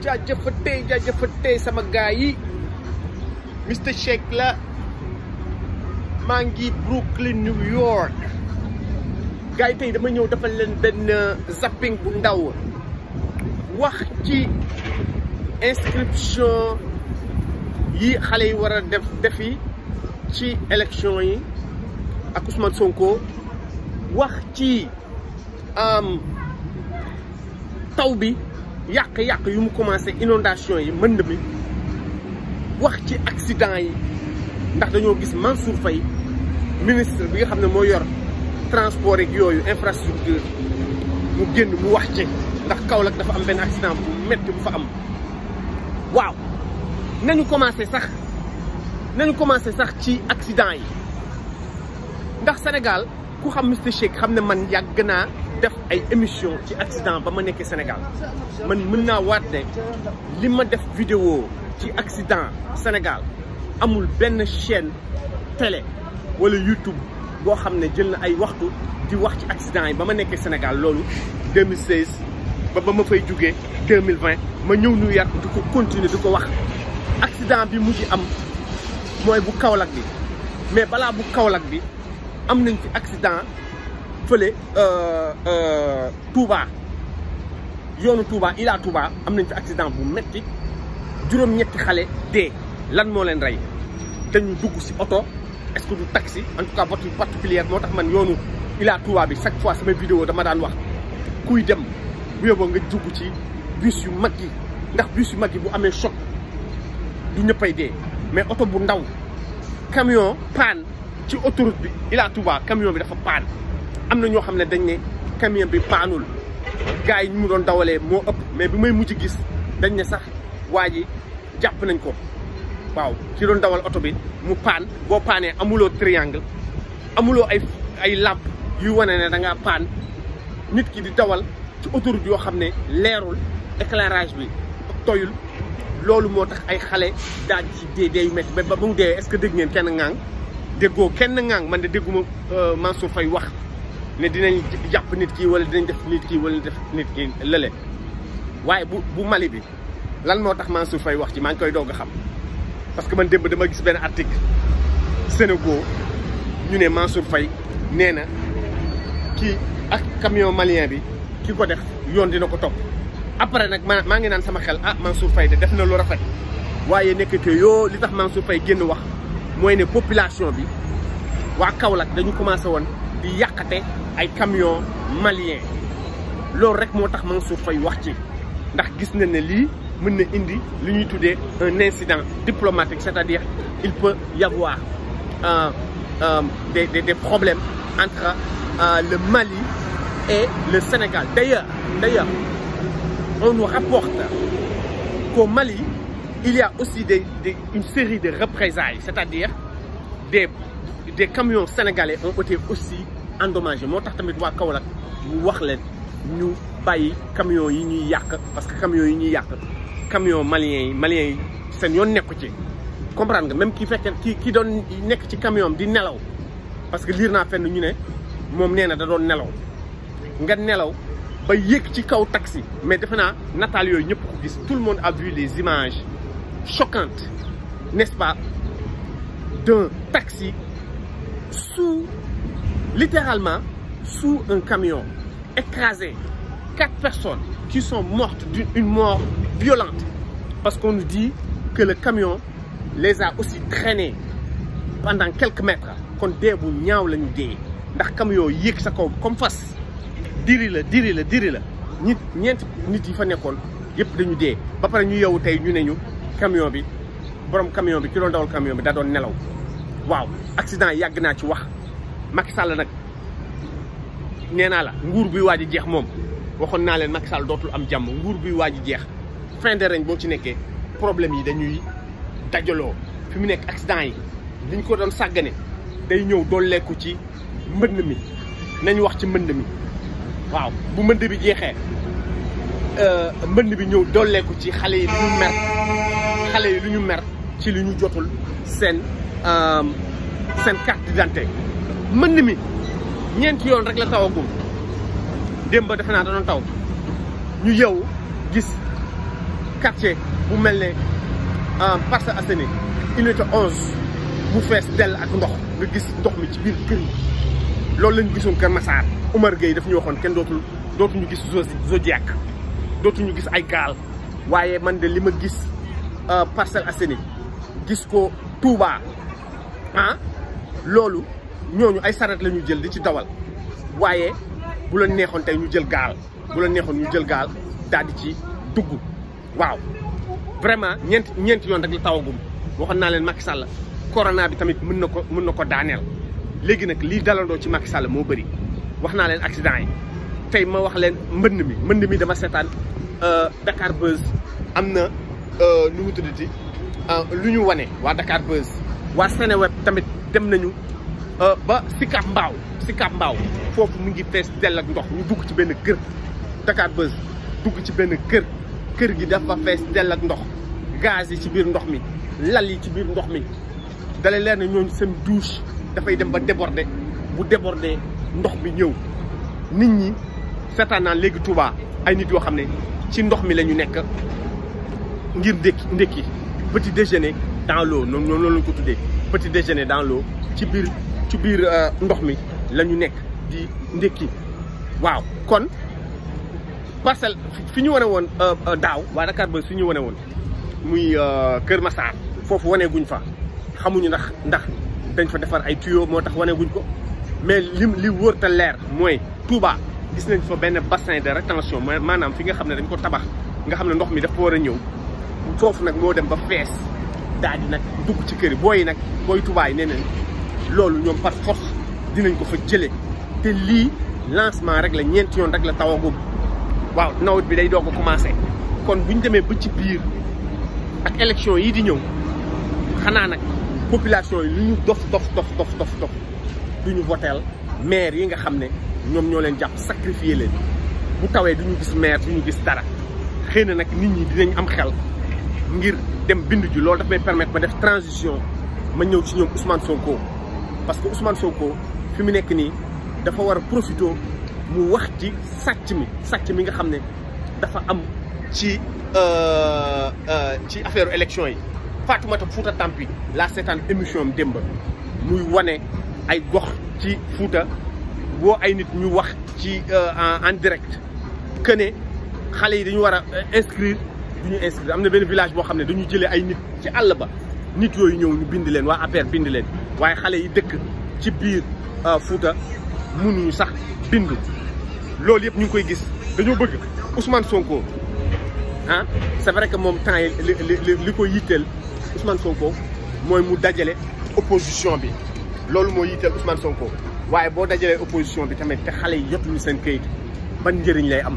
judge for day, judge for day, some guy, Mr. Shekla, Mangi, Brooklyn, New York. Guy, take the menu of a London zapping window. Wachi inscription, ye Halley were a defi, chi election, Akusman Sonko. Wachi, um, Taubi. yak yak yu mu commencé inondation yi mënd mi wax ci accident yi ndax dañoo gis Mansour Faye ministre bi nga xam mo yor transport rek yoyu infrastructure mu génn mu wax ci ndax Kaolack dafa am ben accident bu metti bu fa am waaw nañu commencé sax nañu commencé sax ci accident yi ndax Sénégal ku xam Mr Cheikh xam man yàgg na def ay émission ci accident ba ma nekkee Sénégal man mën naa waat ne li def vidéo ci accident Sénégal amul ben chaîne télé wala YouTube boo xamné ne jël na ay waxtu di wax ci accident yi ba ma nekkee Sénégal 2016 ba ba ma fay jugee 2020 ma ñëw New York di ko continuer di ko wax accident bi mu ci am moy bu Kaolack bi mais bala bu Kaolack bi am nañ ci accident euh, euh, Touba yoonu Touba il a Touba am nañ fi accident bu metti juróom-ñetti xale dee lan moo leen rey dañu dugg si oto est-ce que du taxi en tout cas voiture particulière moo man, yonu, il a Touba bi chaque fois sama vidéo dama daan wax kuy dem bu yóbboo nga dugg ci bus yu mag yi bus yu mag bu amé choc du ñëppay dé mais auto bu ndaw camion panne ci autoroute bi Ila Touba camion bi dafa panne am na ñoo xam ne dañ ne camion bi paanul gaa yi ñu mu doon dawalee moo ëpp mais bi may mujj gis dañ ne sax waa ji jàpp nañ ko waaw ci doon dawal oto bi mu paan boo paanee amuloo triangle amuloo ay ay làmp yuy wane ne da paan nit ki di dawal ci autoroute yoo xam ne leerul éclairage bi toyul loolu moo tax ay xale daal ci dee dee ba ba mu dee est-ce que dégg ngeen kenn ŋaang déggoo kenn ŋaang man de dégguma euh, Mansour Faye wax. ne dinañ jàpp nit kii wala dinañ def nit kii wala def nit kii lële waaye bu bu Mali bi lan moo tax Mansour fay wax ci maa ngi koy doog a xam parce que man démb dama gis benn article Sénégal ñu ne Mansour Faye nee na kii ak camion malien bi ki ko def yoon dina ko topp après nag ma maa ngi naan sama xel ah Mansour Faye de def na lu rafet waaye nekk que yoo li tax Mansour Faye génn wax mooy ne population bi waa Kaolack dañu commencé woon di yakate ay camion malien Le rek motax mang sou fay wax ci ndax gis na ne li mën na indi li ñuy un incident diplomatique c'est-à-dire il peut y avoir euh, euh, des des des problèmes entre euh, le Mali et le Sénégal d'ailleurs d'ailleurs on nous rapporte qu'au Mali il y a aussi des des une série de représailles c'est-à-dire des les camions sénégalais ont été aussi endommagés Je suis en train de dire que nous parce que camions camions maliens maliens comprendre même ki fait ki ki ci camion di nelaw parce que n'a fenn ñu ne mom da doon nelaw nga nelaw ba ci kaw taxi mais defena natal tout le monde a vu les images choquantes n'est-ce pas d'un taxi sous, littéralement, sous un camion, écrasé. Quatre personnes qui sont mortes d'une mort violente. Parce qu'on nous dit que le camion les a aussi traînés pendant quelques mètres. quand des bu ñaaw la ñu dee ndax camion yéeg sa kaw comme fas diri la diri la diri la nit ñeenti nit yi fa nekkoon yëpp dañu dee ba pare ñu yeewu tey ñu ne ñu camion bi borom camion bi ki doon dawal camion bi da doon nelaw. waaw accident yàgg naa ci wax Macky Sall nag nee naa la nguur buy waaj a jeex moom waxoon naa leen Macky Sall dootul am jàmm nguur buy waaj a jeex fin de règne boo ci nekkee problème yi dañuy dajaloo fi mu nekk accident yi liñ ko doon sàggane day ñëw dooleeku ci mbënn mi nañ wax ci mbënd mi waaw bu mbënd bi jeexee euh, mbënn bi ñëw dooleeku ci xale yi lu ñu mer xale yi lu ñu mer ci li ñu jotul seen seen carte d'identité mën na mi ñeenti yoon rek la tawagum démb ba defe naa da taw ñu yow gis quartier bu mel ne ah, Parcelles Assainies unité 11 bu fees dell ak ndox nga gis ndox mi ci biir kër yi loolu lañu gisoon Kër Massar Omar Gueye daf ñu waxoon kenn dootul dootuñu gis Zodiac dootuñu gis ay gaal waaye man de li ma gis ah, Parcelles Assainies gis ko Touba ah loolu ñooñu ay saret la jël di ci dawal waaye bu la neexoon tey ñu jël gaal bu la neexoon ñu jël gaal daal di ci dugg waaw vraiment ñeent ñeenti yoon rek la tawagum waxoon naa leen Macky Sall corona bi tamit mën na ko mën na ko daaneel léegi nag li dalandoo ci Macky Sall moo bëri wax naa leen accident yi tey ma wax leen mbënd mi mbënd mi dama seetaan euh, Dakar Buzz am na euh, nu mu tuddati euh, lu ñu wane waa Dakar Buzz que web tamit dem nañu euh, ba sikap Mbao sikap Mbao fofu mu ngi fess ak ñu dugg ci benn kër Dakar Buzz dugg ci benn kër kër gi dafa fess gaz yi ci mi lal yi ci mi douche dem ba déborder bu déborder ndox bi ñew nit ñi légui Touba ay nit ci mi la nekk petit déjeuner dans l'eau ñoom ñoom loolu lañ ko tuddee petit déjeuner dans l'eau ci biir ci biir euh, ndox mi la ñu nekk di ndékki waaw kon parcelle fi ñu wane woon euh, euh, daaw waa Dakar ba fi ñu wane woon muy Kër Massar foofu wane guñ fa xamuñu ndax ndax dañ fa defar ay tuyaux moo tax wane guñ ko mais li li wóor te leer mooy Touba gis nañ fa benn bassin de rétention maanaam fi nga xam ne dañ ko tabax nga xam ne ndox mi dafa war a ñëw foofu nag moo dem ba fees daal di nag dugg ci kër yi booy nag booy tubaay nee nañ loolu ñoom par force dinañ ko fa jëlee te lii lancement rek la ñeenti yoon rek la tawagum waaw nawet bi day doog a commencé. kon bu ñu demee ba ci biir ak élection yi di ñëw xanaa nag population yi lu ñu dof dof dof dof dof dof du ñu voteel maire yi nga xam ne ñoom ñoo leen jàpp sacrifier leen bu tawee du ñu gis maire du ñu gis dara xëy na nag nit ñi dinañ am xel. ngir dem bindu ji loolu daf may permettre ma def transition ma ñëw ci ñoom Ousmane Sonko parce que Ousmane Sonko fi mu nekk nii dafa war a profité mu wax ci sàcc mi sàcc mi nga xam ne dafa am ci euh, euh, ci affaire élection yi Fatoumata Fouta Tampi laa seetaan émission am démb muy wane ay gox ci Fouta boo ay nit ñu wax ci euh, en direct que ne xale yi dañu war a inscrire du ñu inscrire qui na benn village boo xam ne dañu qui ay nit ci àll ba nit yooyu ñëw ñu bind leen waa APR bind leen waaye xale yi dëkk ci euh, sax Ousmane Sonko ah, c'est vrai que mon temps le li ko Ousmane Sonko mooy mu dajale opposition bi loolu moo Ousmane Sonko Mais si dajalee opposition bi tamit les xale yi jotuñu seen këyit ban des lay am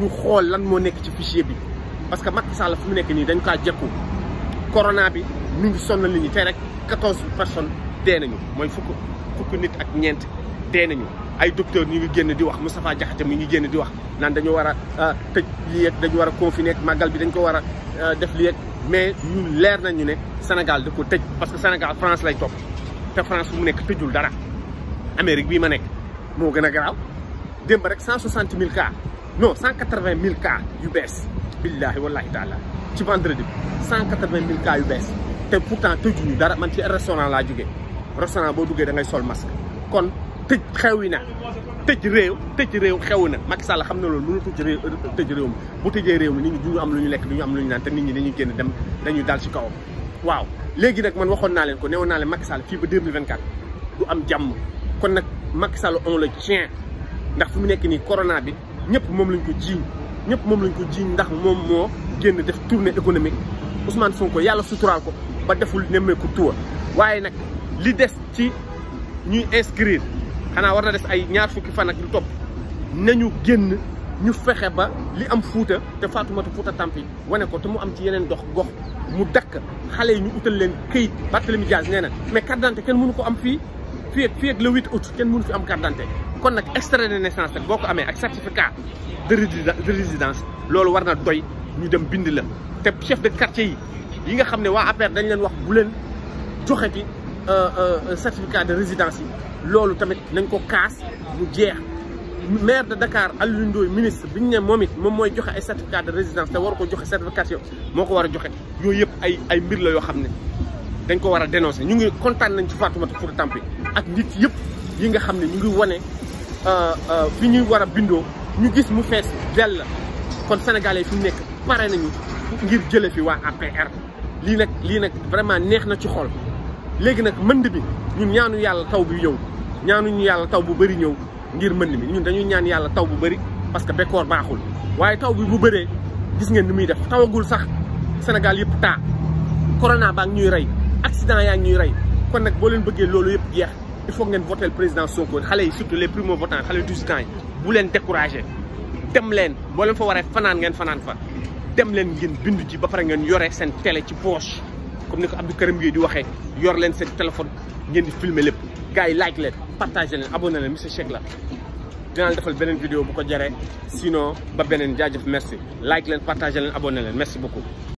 ñu xool lan moo nekk ci fichier bi parce que Macky Sall fu mu nekk nii dañ kaa jekku corona bi mi ngi sonal nit ñi tey rek quatorze personnes dee nañu mooy fukk fukk nit ak ñeent dee nañu ay docteur ñu ngi génn di wax Moustapha Diakhaté mi ngi génn di wax naan dañu war a euh, tëj lii yegg dañu war a confiner màggal bi dañ ko war a euh, def lii yegg mais ñun leer nañu ne Sénégal da ko tëj parce que Sénégal France lay topp te France fu mu nekk tëjul dara Amérique bii ma nekk moo gën a garaaw démb rek cent soixante mille cas Non, 180 000 cas UBS. Billahi wallahi ta'ala. Tu vendredi, 180 000 cas UBS. Et pourtant, tu dis, tu es un restaurant là, tu es un restaurant là, tu es un restaurant là, tu es un restaurant tej rew tej rew xewna mak sall xamna lol munu tej rew tej rew bu tejé rew ni ñu am luñu lek duñu am luñu nante nit ñi dañuy genn dem dañuy dal ci kaw waaw légui nak man waxon na len ko néw na len mak sall fi ba kan. 2024 du am jamm kon nak mak sall on le tient ndax fu mu nekk ni corona bi ñëpp moom lañ ko jiiñ ñëpp moom lañ ko jiiñ ndax moom moo génn def tournée économique Ousmane ko yàlla suturaal ko ba deful nemmeeku tuwa waaye nag li des ci ñuy inscrire xanaa war na des ay ñaar fukki fan ak lu topp nañu génn ñu fexe ba li am fuuta te Fatoumata Fouta Tampi wane ko te mu am ci yeneen dox gox mu dakk xale yi ñu utal leen këyit Barthélémy Diaz nee na mais carte d'identité kenn mënu ko am fii fii ak fii ak le 8 août kenn mënu fi am carte kon nag extrait de naissance nag boo ko amee ak certificat de résidence loolu war na doy ñu dem bind la te chef de quartier yi yi nga xam ne waa APR dañ leen wax bu leen joxeti euh, euh, certificat de résidence yi loolu tamit nañ ko kaas mu jeex maire de Dakar Aliou Ndoye ministre bi ñu ne moom it moom mooy joxe ay certificat de résidence te war ko joxe certification moo ko war a joxe yooy yëpp ay ay mbir la yoo xam ne dañ ko war a dénoncer ñu ngi kontaan nañ ci Fatoumata Touré Tampi ak nit yëpp yi nga xam ne ñu ngi wane Euh, euh, fi ñuy war a bindoo ñu gis mu fees dell kon sénégalais fi mu nekk pare nañu ngir jële fi waa APR lii nag lii nag vraiment neex na ci xol léegi nag mënd bi ñun ñaanu yàlla taw ñëw yow ñaanuñu yàlla taw bu bëri ñëw ngir mënd mi ñun dañuy ñaan yàlla taw bu bëri parce que bekkoor baaxul waaye taw bi bu bëree gis ngeen ni muy def tawagul sax Sénégal yëpp taa corona baa ngi ñuy rey accident yaa ngi ñuy rey kon nag boo leen bëggee loolu yëpp jeex il faut ngeen voter président Sonko xale surtout les primo votants xale yu 18 ans yi bu leen découragé dem faire boo leen fa waree fanaan ngeen fanaan fa dem leen ngeen bindu ci ba pare ngeen yoré sen télé ci poche comme ni ko Abdou Karim Gueye di waxee yor len sen téléphone ngeen di filmer lepp. gars yi like len, partagé len, abonné len monsieur Cheikh la dinaa defal benen vidéo bu ko jaree sinon ba benen jaajëf merci like len, partagé len, abonné len. merci beaucoup